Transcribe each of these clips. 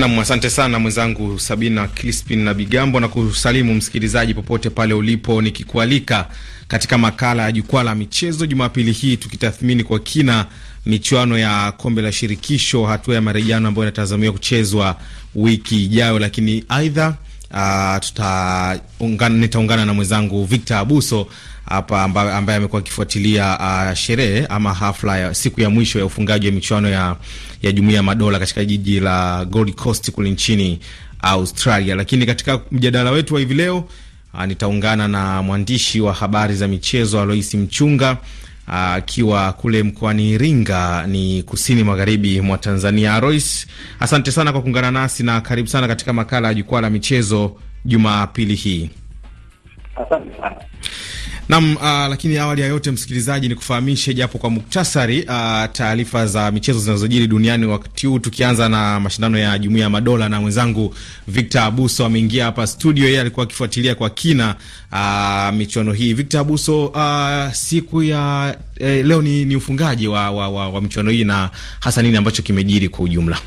Nam, asante sana mwenzangu Sabina Crispin na Bigambo, na kusalimu msikilizaji popote pale ulipo, nikikualika katika makala ya jukwaa la michezo Jumapili hii tukitathmini kwa kina michuano ya kombe la shirikisho hatua ya marejiano ambayo inatazamiwa kuchezwa wiki ijayo, lakini aidha Uh, tutaungana, nitaungana na mwenzangu Victor Abuso hapa ambaye amba amekuwa akifuatilia uh, sherehe ama hafla ya siku ya mwisho ya ufungaji wa michuano ya, ya Jumuiya ya Madola katika jiji la Gold Coast kule nchini Australia. Lakini katika mjadala wetu wa hivi leo uh, nitaungana na mwandishi wa habari za michezo Aloisi Mchunga uh, akiwa uh, kule mkoani Iringa ni kusini magharibi mwa Tanzania. Alois, asante sana kwa kuungana nasi na karibu sana katika makala ya jukwaa la michezo Jumapili hii. Asante sana. Nam uh, ah, lakini awali ya yote, msikilizaji, ni kufahamishe japo kwa muktasari uh, taarifa za michezo zinazojiri duniani wakati huu, tukianza na mashindano ya jumuia ya Madola, na mwenzangu Victor Abuso ameingia hapa studio. Yeye alikuwa akifuatilia kwa kina uh, michuano hii. Victor Abuso, uh, siku ya eh, leo ni, ni ufungaji wa, wa, wa, wa michuano hii na hasa nini ambacho kimejiri kwa ujumla?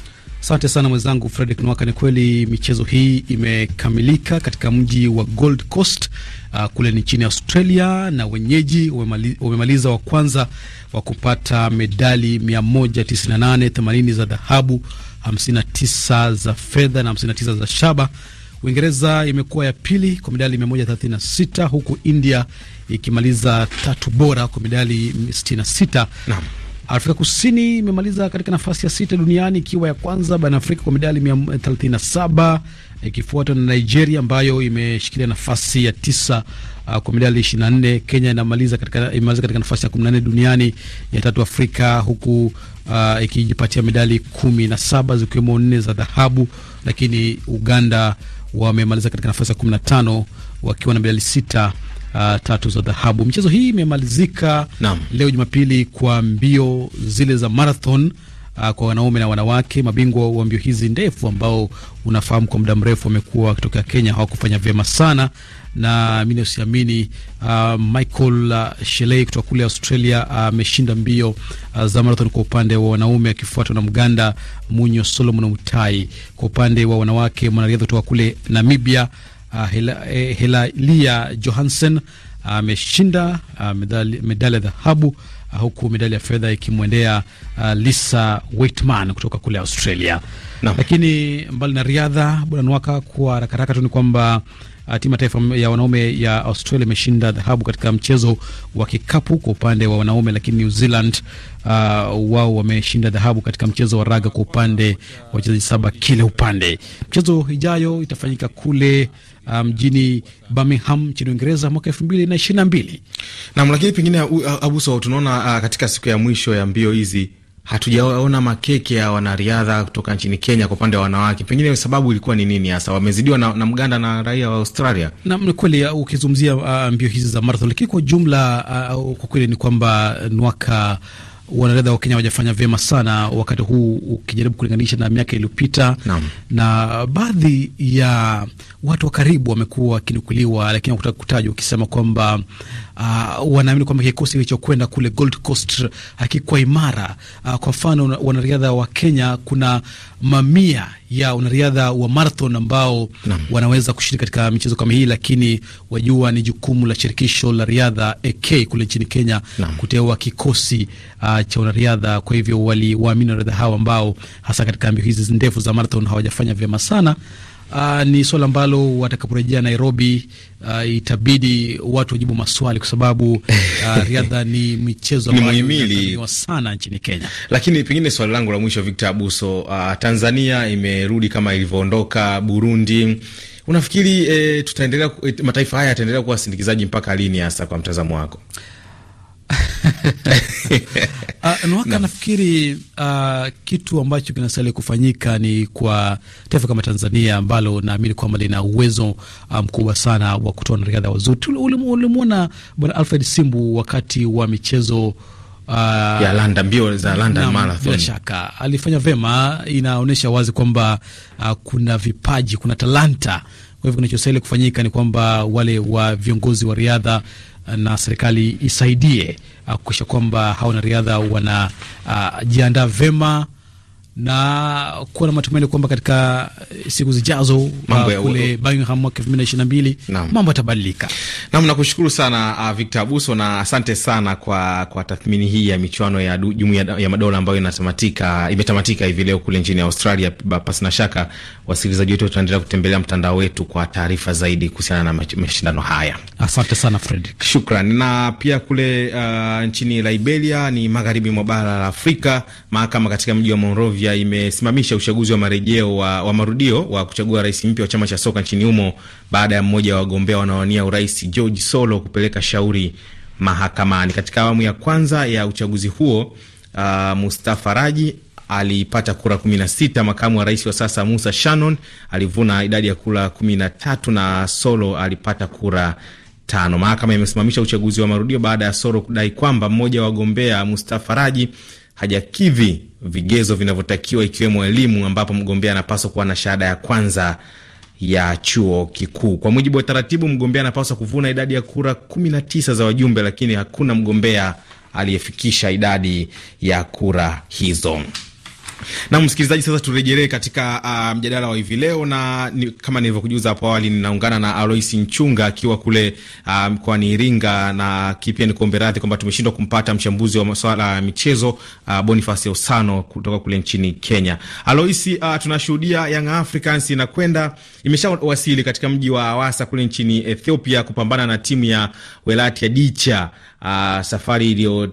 Asante sana mwenzangu Fredrick Nwaka. Ni kweli michezo hii imekamilika katika mji wa Gold Coast uh, kule nchini Australia, na wenyeji wamemaliza wa kwanza wa kupata medali 198, 80 za dhahabu, 59 za fedha na 59 za shaba. Uingereza imekuwa ya pili kwa medali 136 huku India ikimaliza tatu bora kwa medali 66. Naam. Afrika Kusini imemaliza katika nafasi ya sita duniani ikiwa ya kwanza barani Afrika kwa medali 37 ikifuatwa na Nigeria ambayo imeshikilia nafasi ya tisa uh, kwa medali 24. Kenya inamaliza katika, imemaliza katika nafasi ya 14 duniani, ya tatu Afrika, huku uh, ikijipatia medali 17 zikiwemo nne za dhahabu, lakini Uganda wamemaliza katika nafasi ya 15 wakiwa na medali sita uh, tatu za dhahabu. Michezo hii imemalizika leo Jumapili kwa mbio zile za marathon uh, kwa wanaume na wanawake. Mabingwa wa mbio hizi ndefu ambao unafahamu kwa muda mrefu wamekuwa wakitokea Kenya, hawakufanya vyema sana, na mimi nasiamini uh, Michael uh, Shelley kutoka kule Australia uh, ameshinda uh, mbio uh, za marathon kwa upande wa wanaume akifuatwa na Mganda Munyo Solomon Mutai. Kwa upande wa wanawake, mwanariadha kutoka kule Namibia uh, eh, Johansen ah, ameshinda uh, uh, medali ya dhahabu uh, huku medali ya fedha ikimwendea uh, Lisa Waitman kutoka kule Australia no. Lakini mbali na riadha, bwana Nwaka, kwa haraka haraka tu ni kwamba uh, timu ya taifa ya wanaume ya Australia imeshinda dhahabu katika mchezo wa kikapu kwa upande wa wanaume, lakini New Zealand uh, wao wameshinda dhahabu katika mchezo wa raga kwa upande wa wachezaji saba kila upande. Mchezo ijayo itafanyika kule uh, mjini um, Birmingham nchini Uingereza mwaka elfu mbili na ishirini na mbili. nam. lakini pengine uh, Abuso, tunaona uh, katika siku ya mwisho ya mbio hizi hatujaona makeke ya wanariadha kutoka nchini Kenya kwa upande wa wanawake, pengine sababu ilikuwa ni nini hasa? Wamezidiwa na, na Mganda na raia wa Australia. Naam, kweli uh, ukizungumzia uh, mbio hizi za marathon, lakini kwa jumla uh, uh kwa kweli ni kwamba uh, nwaka wanariadha wa Kenya wajafanya vyema sana wakati huu ukijaribu kulinganisha na miaka iliyopita, na, na baadhi ya watu wa karibu wamekuwa wakinukuliwa, lakini wakutaka kutajwa, wakisema kwamba uh, wanaamini kwamba kikosi kilichokwenda kule Gold Coast hakikuwa imara. Uh, kwa mfano wanariadha wa Kenya, kuna mamia ya wanariadha wa marathon ambao na, wanaweza kushiriki katika michezo kama hii, lakini wajua ni jukumu la shirikisho la riadha AK kule nchini Kenya na, kuteua kikosi uh, cha wanariadha. Kwa hivyo waliwaamini wanariadha hao ambao hasa katika mbio hizi ndefu za marathon hawajafanya vyema sana. Uh, ni swala ambalo watakaporejea Nairobi uh, itabidi watu wajibu maswali kwa sababu uh, riadha ni michezo muhimu sana nchini Kenya. Lakini pengine swali langu la mwisho, Victor Abuso, uh, Tanzania imerudi kama ilivyoondoka Burundi. Unafikiri eh, tutaendelea eh, mataifa haya yataendelea kuwa sindikizaji mpaka lini hasa kwa mtazamo wako? uh, Nwaka, nafikiri uh, kitu ambacho kinastahili kufanyika ni kwa taifa kama Tanzania ambalo naamini kwamba lina uwezo ah, mkubwa um, sana wa kutoa wanariadha wazuri. Ulimwona Bwana Alfred Simbu wakati wa michezo Uh, ya mbio za Marathon, bila shaka alifanya vema. Inaonyesha wazi kwamba uh, kuna vipaji, kuna talanta. Kwa hivyo kinachostahili kufanyika ni kwamba wale wa viongozi wa riadha na serikali isaidie uh, kuhakikisha kwamba hawa wanariadha wanajiandaa uh, vema na kuwa na matumaini kwamba katika eh, siku zijazo mambo eh, ya kule Birmingham mwaka elfu mbili na ishirini na mbili mambo yatabadilika. Nam, nakushukuru sana uh, Victor Abuso na asante sana kwa, kwa tathmini hii ya michuano ya Jumuiya ya, ya Madola ambayo inatamatika imetamatika hivi leo kule nchini Australia. na shaka wasikilizaji wetu wataendelea kutembelea mtandao wetu kwa taarifa zaidi kuhusiana na mashindano haya. Asante sana Fredrick, shukran. Na pia kule uh, nchini Liberia ni magharibi mwa bara la Afrika, mahakama katika mji wa Monrovia moja imesimamisha uchaguzi wa marejeo wa, wa marudio wa kuchagua rais mpya wa chama cha soka nchini humo baada ya mmoja wa wagombea wanaowania urais George Solo kupeleka shauri mahakamani. Katika awamu ya kwanza ya uchaguzi huo, uh, Mustafa Raji alipata kura 16. Makamu wa rais wa sasa Musa Shannon alivuna idadi ya kura 13 na Solo alipata kura tano. Mahakama imesimamisha uchaguzi wa marudio baada ya Solo kudai kwamba mmoja wa wagombea Mustafa Raji hajakidhi vigezo vinavyotakiwa ikiwemo elimu, ambapo mgombea anapaswa kuwa na shahada ya kwanza ya chuo kikuu. Kwa mujibu wa taratibu, mgombea anapaswa kuvuna idadi ya kura 19 za wajumbe, lakini hakuna mgombea aliyefikisha idadi ya kura hizo. Na msikilizaji, sasa turejelee katika uh, mjadala wa hivi leo, na ni, kama nilivyokujuza hapo awali, ninaungana na Alois Nchunga akiwa kule uh, mkoani Iringa, na kipia ni kuombe radhi kwamba tumeshindwa kumpata mchambuzi wa masuala ya michezo uh, Boniface Osano kutoka kule nchini Kenya. Alois, uh, tunashuhudia Young Africans inakwenda imeshawasili katika mji wa Awasa kule nchini Ethiopia kupambana na timu ya ya Dicha, uh, safari iliyo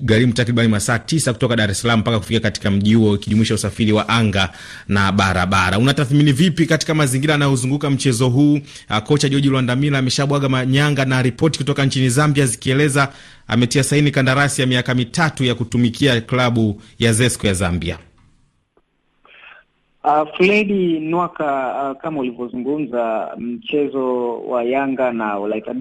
iligharimu takriban masaa tisa kutoka Dar es Salaam mpaka kufika katika mji huo ikijumuisha usafiri wa anga na barabara. Unatathmini vipi katika mazingira yanayozunguka mchezo huu? Ah, kocha Joji Lwandamila ameshabwaga manyanga na ripoti kutoka nchini Zambia zikieleza ametia saini kandarasi ya miaka mitatu ya kutumikia klabu ya Zesco ya Zambia. Uh, ah, Fredi Nwaka, uh, kama ulivyozungumza, mchezo wa Yanga na Olaita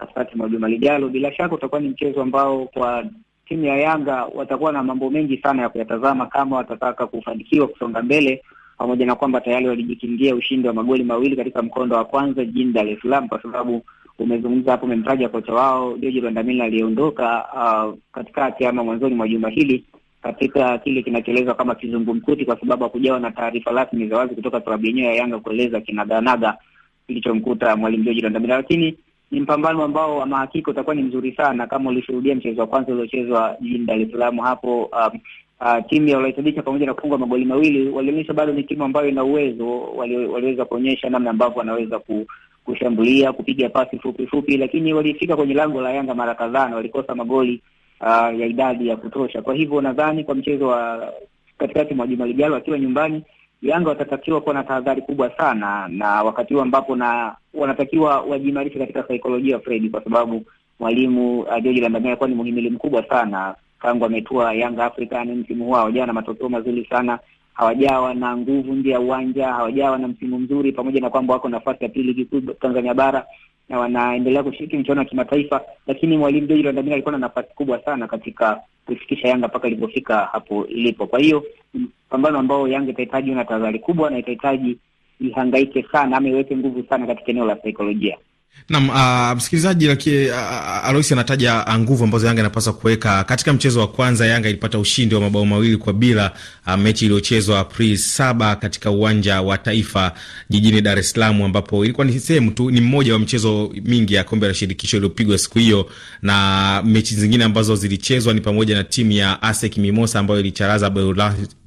katikati mwa juma lijalo, bila shaka utakuwa ni mchezo ambao kwa timu ya Yanga watakuwa na mambo mengi sana ya kuyatazama kama watataka kufanikiwa kusonga mbele, pamoja na kwamba tayari walijikingia ushindi wa magoli mawili katika mkondo wa kwanza jijini Dar es Salaam, kwa sababu umezungumza hapo, umemtaja kocha wao George Bandamila aliyeondoka uh, katikati ama mwanzoni mwa juma hili katika kile kinachoelezwa kama kizungumkuti, kwa sababu hakujawa na taarifa rasmi za wazi kutoka klabu yenyewe ya Yanga kueleza kinaganaga kilichomkuta mwalimu George Bandamila, lakini ni mpambano ambao ama hakika utakuwa ni mzuri sana, kama ulishuhudia mchezo wa kwanza uliochezwa jijini Dar es Salaam hapo um, Uh, timu ya waliohesabisha pamoja na kufunga magoli mawili walionyesha bado ni timu ambayo ina uwezo, waliweza kuonyesha namna ambavyo wanaweza ku, kushambulia kupiga pasi fupi fupi, lakini walifika kwenye lango la Yanga mara kadhaa na walikosa magoli uh, ya idadi ya kutosha. Kwa hivyo nadhani kwa mchezo wa katikati mwa juma lijalo akiwa nyumbani Yanga watatakiwa kuwa na tahadhari kubwa sana, na wakati huo ambapo na wanatakiwa wajiimarishe katika saikolojia Fredi, kwa sababu mwalimu uh, George Dlamini alikuwa ni muhimili mkubwa sana tangu ametua Yanga afrika ni msimu huu. Hawajawa na matokeo mazuri sana, hawajawa na nguvu nje ya uwanja, hawajawa na msimu mzuri, pamoja na kwamba wako nafasi ya pili ligi kuu Tanzania bara, na wanaendelea kushiriki mchuano wa kimataifa, lakini mwalimu George Lwandamina alikuwa na nafasi kubwa sana katika kuifikisha Yanga mpaka ilipofika hapo ilipo. Kwa hiyo pambano ambao Yanga itahitaji una tahadhari kubwa na itahitaji ihangaike sana ama iweke nguvu sana katika eneo la saikolojia. Naam, uh, msikilizaji laki uh, ah, ah, Aloisi anataja nguvu ambazo Yanga inapaswa kuweka. Katika mchezo wa kwanza Yanga ilipata ushindi wa mabao mawili kwa bila Ah, mechi iliyochezwa Aprili saba katika uwanja wa Taifa jijini Dar es Salaam, ambapo ilikuwa ni sehemu tu, ni mmoja wa mchezo mingi ya kombe la shirikisho iliyopigwa siku hiyo, na mechi zingine ambazo zilichezwa ni pamoja na timu ya ASEC Mimosa ambayo ilicharaza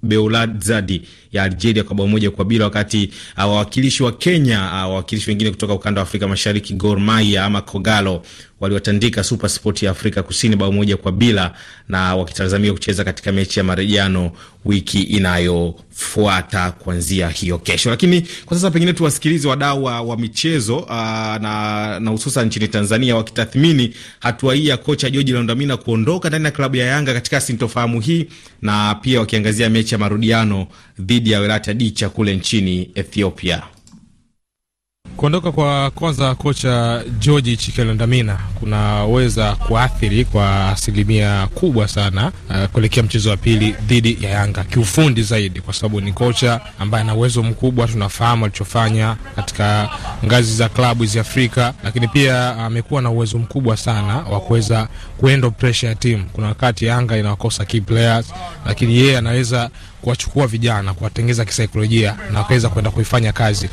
beulazadi ya Algeria kwa bao moja kwa bila, wakati ah, wawakilishi wa Kenya, ah, wawakilishi wengine kutoka ukanda wa Afrika Mashariki, Gor Mahia ama Kogalo waliwatandika Supersport ya Afrika Kusini bao moja kwa bila, na wakitazamia kucheza katika mechi ya marejano wiki inayofuata kuanzia hiyo kesho. Lakini kwa sasa pengine tuwasikilize wadau wa, wa michezo aa, uh, na, na hususan nchini Tanzania wakitathmini hatua hii ya kocha Joji Landamina kuondoka ndani ya klabu ya Yanga katika sintofahamu hii na pia wakiangazia mechi ya marudiano dhidi ya Welata Dicha kule nchini Ethiopia. Kuondoka kwa kwanza kocha George chikelandamina kunaweza kuathiri kwa asilimia kubwa sana uh, kuelekea mchezo wa pili dhidi ya Yanga kiufundi zaidi, kwa sababu ni kocha ambaye ana uwezo mkubwa. Tunafahamu alichofanya katika ngazi za klabu za Afrika, lakini pia amekuwa uh, na uwezo mkubwa sana wa kuweza kuendo pressure ya timu. Kuna wakati Yanga inawakosa key players, lakini yeye anaweza kuwachukua vijana, kuwatengeza kisaikolojia na wakaweza kwenda kuifanya kazi.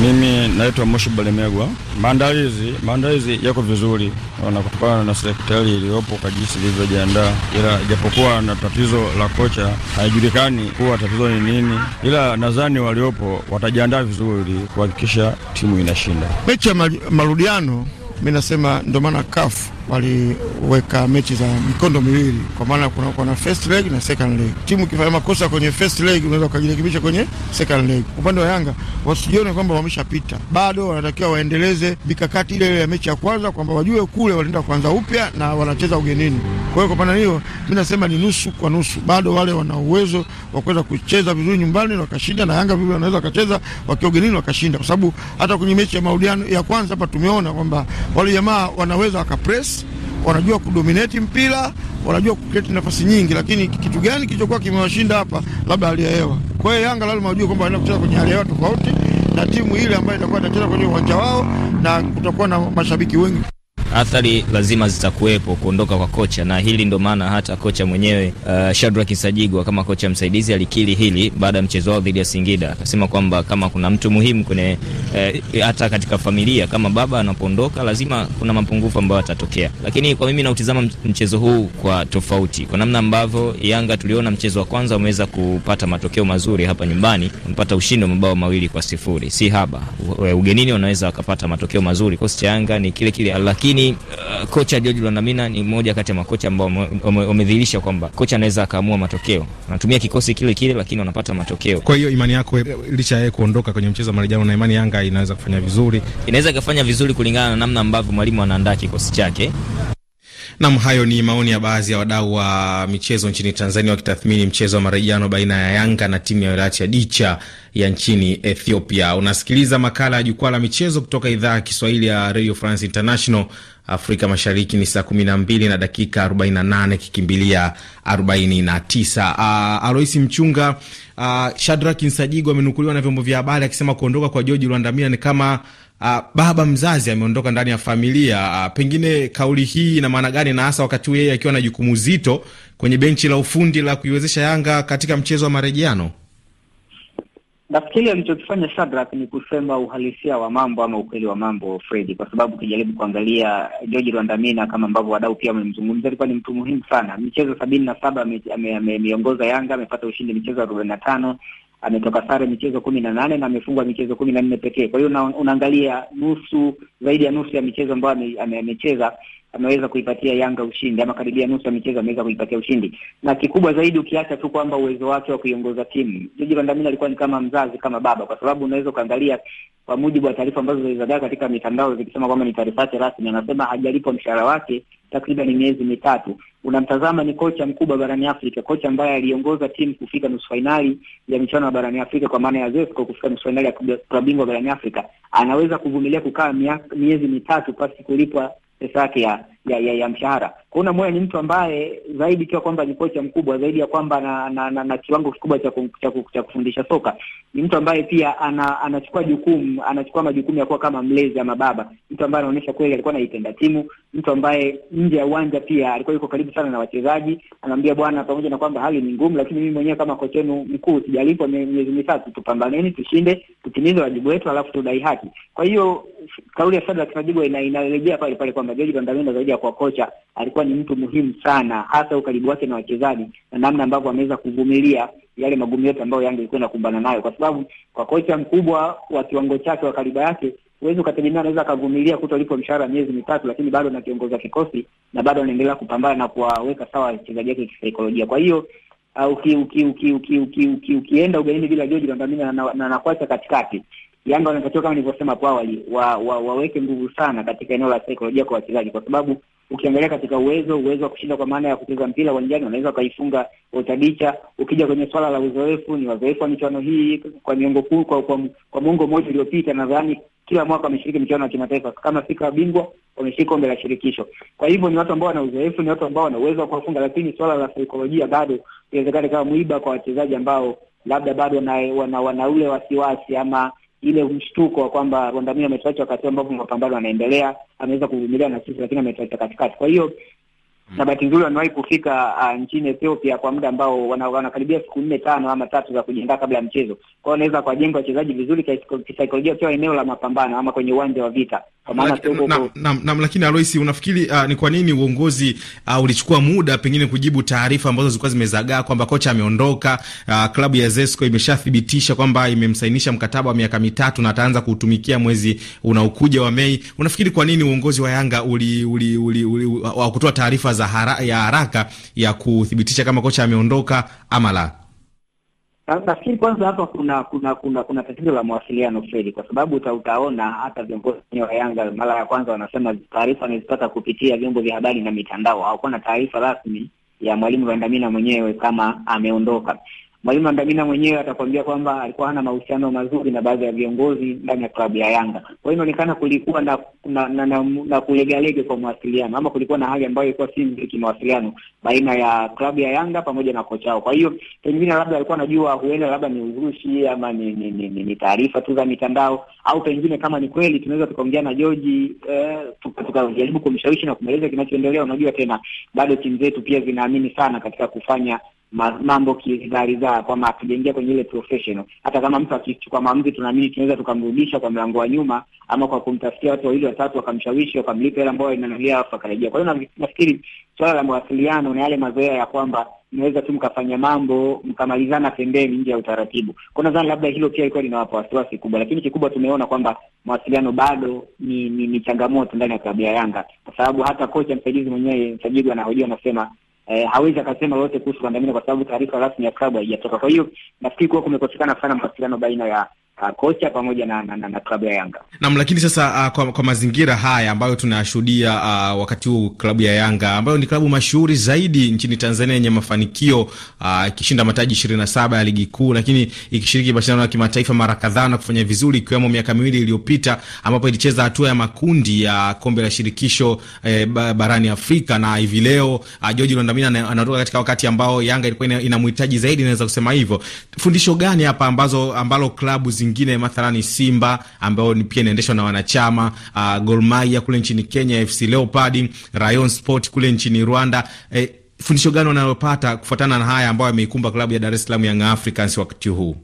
Mimi naitwa Moshi Balemegwa. Maandalizi maandalizi yako vizuri na kutokana na sekretari iliyopo kwa jinsi ilivyojiandaa, ila japokuwa na tatizo la kocha haijulikani kuwa tatizo ni nini, ila nadhani waliopo watajiandaa vizuri kuhakikisha timu inashinda mechi ya marudiano. Mi nasema ndio maana kafu waliweka mechi za mikondo miwili, kwa maana kunakuwa na first leg na second leg. Timu ikifanya makosa kwenye first leg, unaweza ukajirekebisha kwenye second leg. Upande wa Yanga wasijione kwamba wameshapita, bado wanatakiwa waendeleze mikakati ile ile ya mechi ya kwanza, kwamba wajue kule walienda kuanza upya na wanacheza ugenini. Kwa hiyo kwa maana hiyo, mi nasema ni nusu kwa nusu, bado wale wana uwezo wa kuweza kucheza vizuri nyumbani wakashinda, na Yanga vile wanaweza wakacheza wakiwa ugenini wakashinda, kwa sababu hata kwenye mechi ya marudiano ya kwanza hapa tumeona kwamba wale jamaa wanaweza wakapress nafasi, wanajua kudominate mpira, wanajua kuketi nafasi nyingi, lakini kitu gani kilichokuwa kimewashinda hapa? Labda hali ya hewa. Kwa hiyo Yanga lazima wajue kwamba wanaenda kucheza kwenye hali ya hewa tofauti na timu ile ambayo itakuwa itacheza kwenye uwanja wao, na kutakuwa na mashabiki wengi athari lazima zitakuwepo kuondoka kwa kocha, na hili ndo maana hata kocha mwenyewe uh, Shadrack Sajigwa kama kocha msaidizi alikiri hili baada ya mchezo wao dhidi ya Singida, akasema kwamba kama kuna mtu muhimu kwenye uh, hata katika familia kama baba anapoondoka, lazima kuna mapungufu ambayo yatatokea. Lakini kwa mimi nautizama mchezo huu kwa tofauti, kwa namna ambavyo Yanga tuliona mchezo wa kwanza wameweza kupata matokeo mazuri hapa nyumbani, wamepata ushindi wa mabao mawili kwa sifuri, si haba. Ugenini wanaweza wakapata matokeo mazuri. Kocha Yanga ni kile kile, lakini lakini uh, kocha George Lwandamina ni mmoja kati ya makocha ambao wamedhihirisha kwamba kocha anaweza akaamua matokeo. Anatumia kikosi kile kile, lakini wanapata matokeo. Kwa hiyo imani yako, licha yeye kuondoka kwenye mchezo wa marejano, na imani Yanga inaweza kufanya vizuri, inaweza ikafanya vizuri kulingana na namna ambavyo mwalimu anaandaa kikosi chake. Nam, hayo ni maoni ya baadhi ya wadau wa michezo nchini Tanzania wakitathmini mchezo wa marejano baina ya Yanga na timu ya wilaya ya Dicha ya nchini Ethiopia. Unasikiliza makala ya Jukwaa la Michezo kutoka idhaa ya Kiswahili ya Radio France International. Afrika Mashariki ni saa kumi na dakika 48, kikimbilia 49. Uh, ah, Aloisi Mchunga, uh, Shadrack Nsajigo amenukuliwa na vyombo vya habari akisema kuondoka kwa George Lwandamina ni kama uh, baba mzazi ameondoka ndani ya familia. Uh, pengine kauli hii ina maana gani, na hasa wakati huu yeye akiwa na jukumu zito kwenye benchi la ufundi la kuiwezesha Yanga katika mchezo wa marejeano? Nafikiri alichokifanya Shadrack ni kusema uhalisia wa mambo ama ukweli wa mambo, Fredi, kwa sababu ukijaribu kuangalia George Rwandamina kama ambavyo wadau pia wamemzungumza, alikuwa ni mtu muhimu sana. Michezo sabini na saba ameiongoza Yanga, amepata ushindi michezo arobaini na tano ametoka sare michezo kumi na nane na amefungwa michezo kumi na nne pekee. Kwa hiyo unaangalia nusu, zaidi ya nusu ya michezo ambayo amecheza ameweza kuipatia Yanga ushindi ama karibia nusu ya michezo ameweza kuipatia ushindi, na kikubwa zaidi ukiacha tu kwamba uwezo wake wa kuiongoza timu, Jiji Vandamini alikuwa ni kama mzazi, kama baba, kwa sababu unaweza ukaangalia kwa mujibu wa taarifa ambazo zilizagaa katika mitandao zikisema kwamba ni taarifa yake rasmi, anasema hajalipwa mshahara wake takriban miezi mitatu. Unamtazama ni kocha mkubwa barani Afrika, kocha ambaye aliongoza timu kufika nusu fainali ya michuano ya barani Afrika kwa maana ya ZESCO, kufika nusu fainali ya klabu bingwa barani Afrika. Anaweza kuvumilia kukaa miezi mitatu pasi kulipwa Exactly. Yeah. ya, ya, ya mshahara. Kwa hiyo Moyo ni mtu ambaye zaidi ikiwa kwamba ni kocha mkubwa zaidi ya kwamba na, na, na, na kiwango kikubwa cha, cha, cha kufundisha soka, ni mtu ambaye pia ana, anachukua jukumu anachukua majukumu ya kuwa kama mlezi ama baba, mtu ambaye anaonyesha kweli alikuwa anaipenda timu, mtu ambaye nje ya uwanja pia alikuwa yuko karibu sana na wachezaji. Anaambia bwana, pamoja na kwamba hali ni ngumu, lakini mimi mwenyewe kama kocha wenu mkuu sijalipwa miezi mitatu, tupambaneni, tushinde, tutimize wajibu wetu, alafu tudai haki. Kwa hiyo kauli ya Sadra tunajibwa inarejea pale pale kwamba George Bandamenda zaidi kuja kwa kocha alikuwa ni mtu muhimu sana, hasa ukaribu wake na wachezaji na namna ambavyo ameweza kuvumilia yale magumu yote ambayo Yanga ilikuwa inakumbana nayo, kwa sababu kwa kocha mkubwa wa kiwango chake wa kariba yake huwezi ukategemea anaweza akavumilia kutolipwa mshahara miezi mitatu, lakini bado anakiongoza kikosi na bado anaendelea kupambana na kuwaweka sawa wachezaji wake kisaikolojia. Kwa hiyo uh, ukienda ugaini bila George Lwandamina na nakuacha katikati Yanga wanatakiwa kama nilivyosema hapo awali wa, wa, waweke nguvu sana katika eneo la saikolojia kwa wachezaji, kwa sababu ukiangalia katika uwezo uwezo wa kushinda kwa maana ya kucheza mpira uwanjani, wanaweza wakaifunga Otabicha. Ukija kwenye swala la uzoefu, ni wazoefu wa michuano hii kwa miongo kuu, kwa, kwa, kwa muongo mmoja uliopita, nadhani kila mwaka wameshiriki michuano ya kimataifa kama sika bingwa wameshiriki kombe la shirikisho. Kwa hivyo ni watu ambao wana uzoefu, ni watu ambao wana uwezo wa kuwafunga, lakini swala la saikolojia bado inawezekana kama mwiba kwa wachezaji ambao labda bado wana, wana, wana ule wasiwasi ama ile mshtuko wa kwamba Rwandamia ametuacha wakati ambapo mapambano yanaendelea, ameweza kuvumilia na sisi, lakini ametuacha katikati. Kwa hiyo na mm. bahati nzuri wamewahi kufika uh, nchini Ethiopia kwa muda ambao wanakaribia siku nne tano ama tatu za kujiandaa kabla ya mchezo. Kwa hiyo wanaweza kuwajenga wachezaji vizuri kisaikolojia, wakiwa eneo la mapambano ama kwenye uwanja wa vita, kwa nam lakini Aloisi, unafikiri uh, ni kwa nini uongozi uh, ulichukua muda pengine kujibu taarifa ambazo zilikuwa zimezagaa kwamba kocha ameondoka? Uh, klabu ya Zesco imeshathibitisha kwamba imemsainisha mkataba wa miaka mitatu na ataanza kuutumikia mwezi unaokuja wa Mei. Unafikiri kwa nini uongozi wa Yanga uli, uli, uli, uli, uli, wa kutoa taarifa za hara, ya haraka ya kuthibitisha kama kocha ameondoka ama la? Nafikiri kwanza hapa kuna kuna kuna kuna tatizo la mawasiliano feli kwa sababu uta utaona hata viongozi wa Yanga mara ya kwanza wanasema taarifa wanazipata kupitia vyombo vya habari na mitandao. Hawakuwa na taarifa rasmi ya mwalimu Vandamina mwenyewe kama ameondoka. Mwalimu andamina mwenyewe atakwambia kwamba alikuwa hana mahusiano mazuri na baadhi ya viongozi ndani ya klabu ya Yanga. Kwa hiyo inaonekana kulikuwa na na, na, na, na kulegalege kwa mawasiliano ama kulikuwa na hali ambayo ilikuwa si nzuri kimawasiliano baina ya klabu ya Yanga pamoja na kocha wao. Kwa hiyo pengine labda alikuwa anajua, huenda labda ni uzushi ama ni ni, ni, ni, ni taarifa tu za mitandao, au pengine kama ni kweli tunaweza tukaongea na George eh, tukajaribu tuka kumshawishi na kumweleza kinachoendelea. Unajua tena bado timu zetu pia zinaamini sana katika kufanya mambo kidharidhaa kwamba hatujaingia kwenye ile professional. Hata kama mtu akichukua maamuzi, tunaamini tunaweza tukamrudisha kwa mlango wa nyuma, ama kwa kumtafutia watu wawili watatu wakamshawishi wakamlipa hela ambayo inanalia alafu akarejea. Kwa hiyo nafikiri swala la mawasiliano na yale mazoea ya kwamba naweza tu mkafanya mambo mkamalizana pembeni nje ya utaratibu, kwa nadhani labda hilo pia ilikuwa linawapa wasiwasi kubwa, lakini kikubwa tumeona kwamba mawasiliano bado ni, ni, ni changamoto ndani ya klabu ya Yanga, kwa sababu hata kocha msaidizi mwenyewe Msajili anahojia anasema eh, hawezi akasema yote kuhusu Bandamina kwa sababu taarifa rasmi ya klabu haijatoka. Kwa hiyo nafikiri kuwa kumekosekana sana mawasiliano baina ya uh, kocha pamoja na, na, na, na klabu ya Yanga nam. Lakini sasa uh, kwa, kwa mazingira haya ambayo tunashuhudia uh, wakati huu klabu ya Yanga ambayo ni klabu mashuhuri zaidi nchini Tanzania yenye mafanikio uh, ikishinda uh, mataji ishirini na saba ya ligi kuu, lakini ikishiriki mashindano ya kimataifa mara kadhaa na kufanya vizuri, ikiwemo miaka miwili iliyopita ambapo ilicheza hatua ya makundi ya kombe la shirikisho eh, barani Afrika na hivi leo uh, George Lwandamina anatoka katika wakati ambao Yanga ilikuwa inamhitaji zaidi, naweza kusema hivyo. Fundisho gani hapa ambazo ambalo klabu zingi mingine mathalani Simba ambayo pia inaendeshwa na wanachama uh, Gor Mahia kule nchini Kenya, FC Leopard, Rayon Sport kule nchini Rwanda eh, fundisho gani wanalopata kufuatana na haya ambayo yameikumba klabu ya Dar es Salaam Young Africans wakati huu?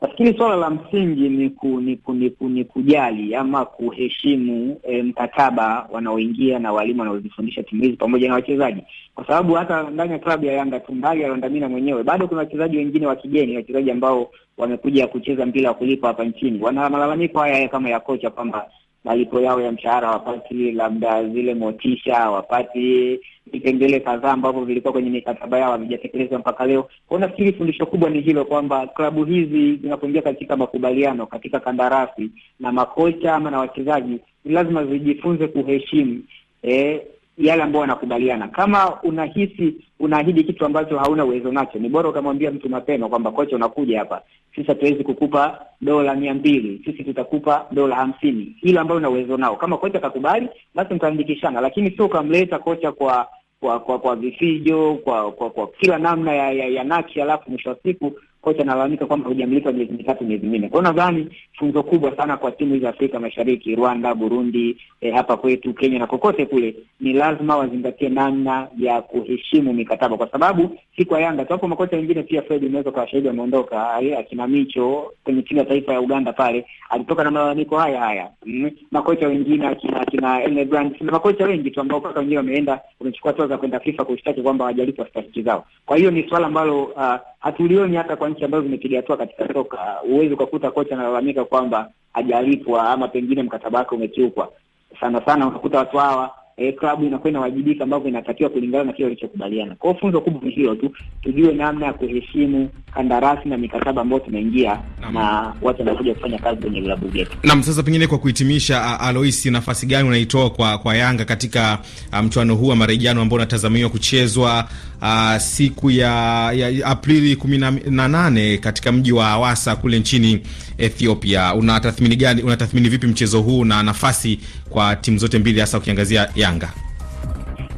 Nafikiri suala la msingi ni, ku, ni, ku, ni, ku, ni kujali ama kuheshimu e, mkataba wanaoingia na walimu wanaozifundisha timu hizi pamoja na wachezaji, kwa sababu hata ndani ya klabu ya Yanga tumbali mbali mwenyewe, bado kuna wachezaji wengine wa kigeni, wachezaji ambao wamekuja kucheza mpira wa kulipa hapa nchini, wana malalamiko haya kama ya kocha kwamba malipo yao ya mshahara, wapati labda zile motisha, wapati vipengele kadhaa ambavyo vilikuwa kwenye mikataba yao havijatekelezwa mpaka leo. Kwa nafikiri fundisho kubwa ni hilo kwamba klabu hizi zinapoingia katika makubaliano, katika kandarasi na makocha ama na wachezaji, ni lazima zijifunze kuheshimu eh, yale ambayo wanakubaliana. Kama unahisi unaahidi kitu ambacho hauna uwezo nacho, ni bora ukamwambia mtu mapema kwamba kocha, unakuja hapa, sisi hatuwezi kukupa dola mia mbili, sisi tutakupa dola hamsini, hilo ambayo una uwezo nao. Kama kocha akakubali basi mtaandikishana, lakini sio ukamleta kocha kwa kwa kwa kwa vifijo kwa kwa, kwa kila namna ya, ya, ya nakshi, alafu mwisho wa siku kocha analalamika kwamba hujamlipa miezi mitatu, miezi minne. Kwa hiyo nadhani funzo kubwa sana kwa timu hizi Afrika Mashariki, Rwanda, Burundi, e, hapa kwetu Kenya na kokote kule, ni lazima wazingatie namna ya kuheshimu mikataba, kwa sababu si kwa Yanga tu, hapo makocha wengine pia, Fred, unaweza kwa shahidi, wameondoka akina Micho kwenye timu ya taifa ya Uganda pale, alitoka na malalamiko haya haya mm. Makocha wengine akina akina Enebrand, kuna makocha wengi tu ambao paka wengine wameenda, wamechukua hatua za kwenda FIFA kushtaki kwamba hawajalipwa stahiki zao. Kwa hiyo ni swala ambalo uh, hatulioni hata kwa nchi ambazo zimepiga hatua katika soka. Huwezi ukakuta kocha analalamika kwamba hajalipwa ama pengine mkataba wake umekiukwa. Sana sana unakuta watu hawa E, klabu inakuwa inawajibika ambavyo inatakiwa kulingana na kile walichokubaliana. Kwa hiyo funzo kubwa ni hilo tu, tujue namna ya kuheshimu kandarasi na mikataba ambayo tunaingia na watu wanakuja kufanya kazi kwenye vilabu vyetu. Naam, sasa pengine kwa kuhitimisha, Aloisi, nafasi gani unaitoa kwa kwa Yanga katika uh, mchuano huu wa marejano ambao unatazamiwa kuchezwa uh, siku ya, ya Aprili 18 katika mji wa awasa kule nchini Ethiopia. Unatathmini gani, unatathmini vipi mchezo huu na nafasi kwa timu zote mbili hasa ukiangazia Yanga?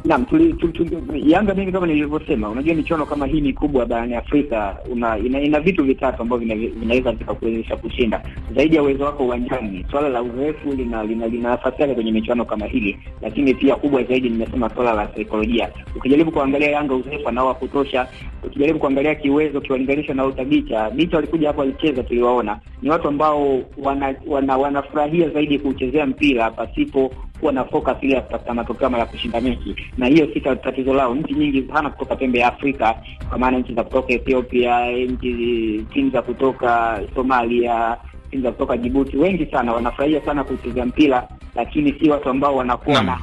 Naam, tuli, tuli, tuli, Yanga mimi kama nilivyosema, unajua michuano kama hii mikubwa barani Afrika una, ina, ina vitu vitatu ambavyo vinaweza vikakuwezesha kushinda zaidi ya uwezo wako uwanjani. Swala la uzoefu lina lina, lina nafasi yake kwenye michuano kama hili, lakini pia kubwa zaidi nimesema swala la saikolojia. Ukijaribu kuangalia Yanga uzoefu anao wa kutosha, ukijaribu kuangalia kiwezo kiwalinganisha na utabicha bicha walikuja hapo walicheza, tuliwaona ni watu ambao wanafurahia wana, wana zaidi kuchezea mpira pasipo na focus ili kupata matokeo ya kushinda mechi, na hiyo si tatizo lao. Nchi nyingi sana kutoka pembe ya Afrika, kwa maana nchi za kutoka Ethiopia, nchi timu za kutoka Somalia, timu za kutoka Djibouti, wengi sana wanafurahia sana kucheza mpira, lakini si watu ambao wanakuwa na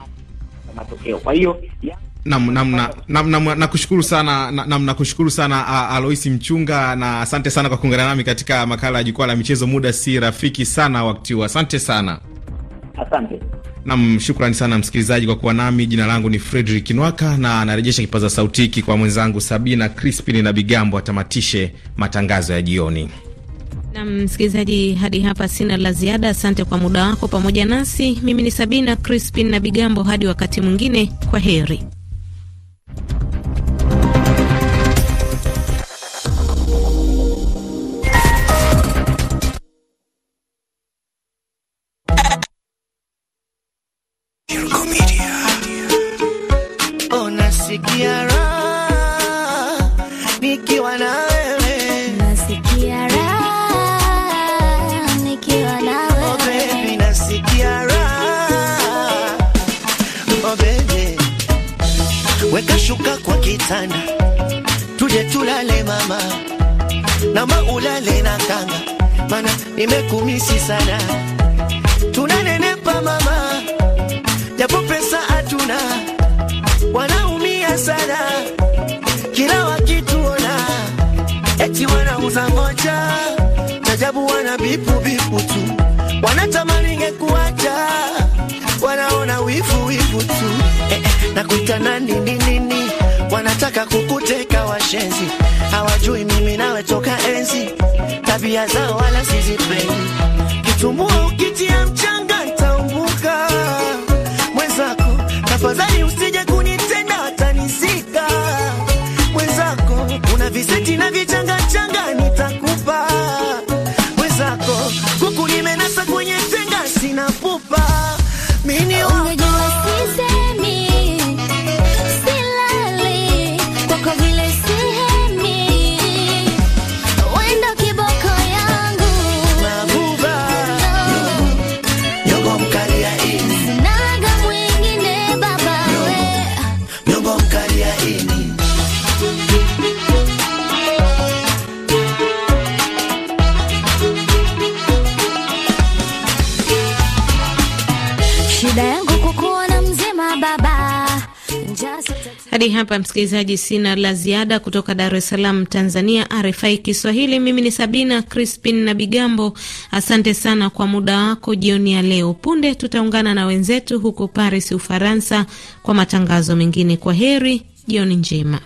matokeo. Kwa hiyo Nam, nam, nam, nam, nam, nakushukuru sana nam, nakushukuru sana Aloisi Mchunga, na asante sana kwa kuungana nami katika makala ya jukwaa la michezo. Muda si rafiki sana wakati huu. Asante sana, asante. Nam, shukrani sana msikilizaji kwa kuwa nami. Jina langu ni Fredrik Nwaka na anarejesha kipaza sauti hiki kwa mwenzangu Sabina Crispin na Bigambo atamatishe matangazo ya jioni. Nam msikilizaji, hadi hapa sina la ziada. Asante kwa muda wako pamoja nasi. Mimi ni Sabina Crispin na Bigambo, hadi wakati mwingine, kwa heri. nasikia raha nikiwa na wewe, nasikia raha nikiwa na wewe. Oh baby, nasikia raha oh baby, weka shuka kwa kitanda tuje tulale mama, na ulale na kanga, mana nimekumisi sana, tunanenepa mama, japo pesa hatuna wana sana, kila wakituona eti wanauza ngoja, najabu, wana bipu bipu tu, wanatamani ngekuacha, wanaona wivu wivu tu eh, eh, nakuita nani nini nini, wanataka kukuteka washenzi, hawajui mimi nawe toka enzi, tabia zao wala sizipendi, kitumbua ukitia mchangani viseti na vichanga changa nitaka Hadi hapa msikilizaji, sina la ziada kutoka Dar es Salaam, Tanzania, RFI Kiswahili. Mimi ni Sabina Crispin na Bigambo, asante sana kwa muda wako jioni ya leo. Punde tutaungana na wenzetu huko Paris, Ufaransa, kwa matangazo mengine. Kwa heri, jioni njema.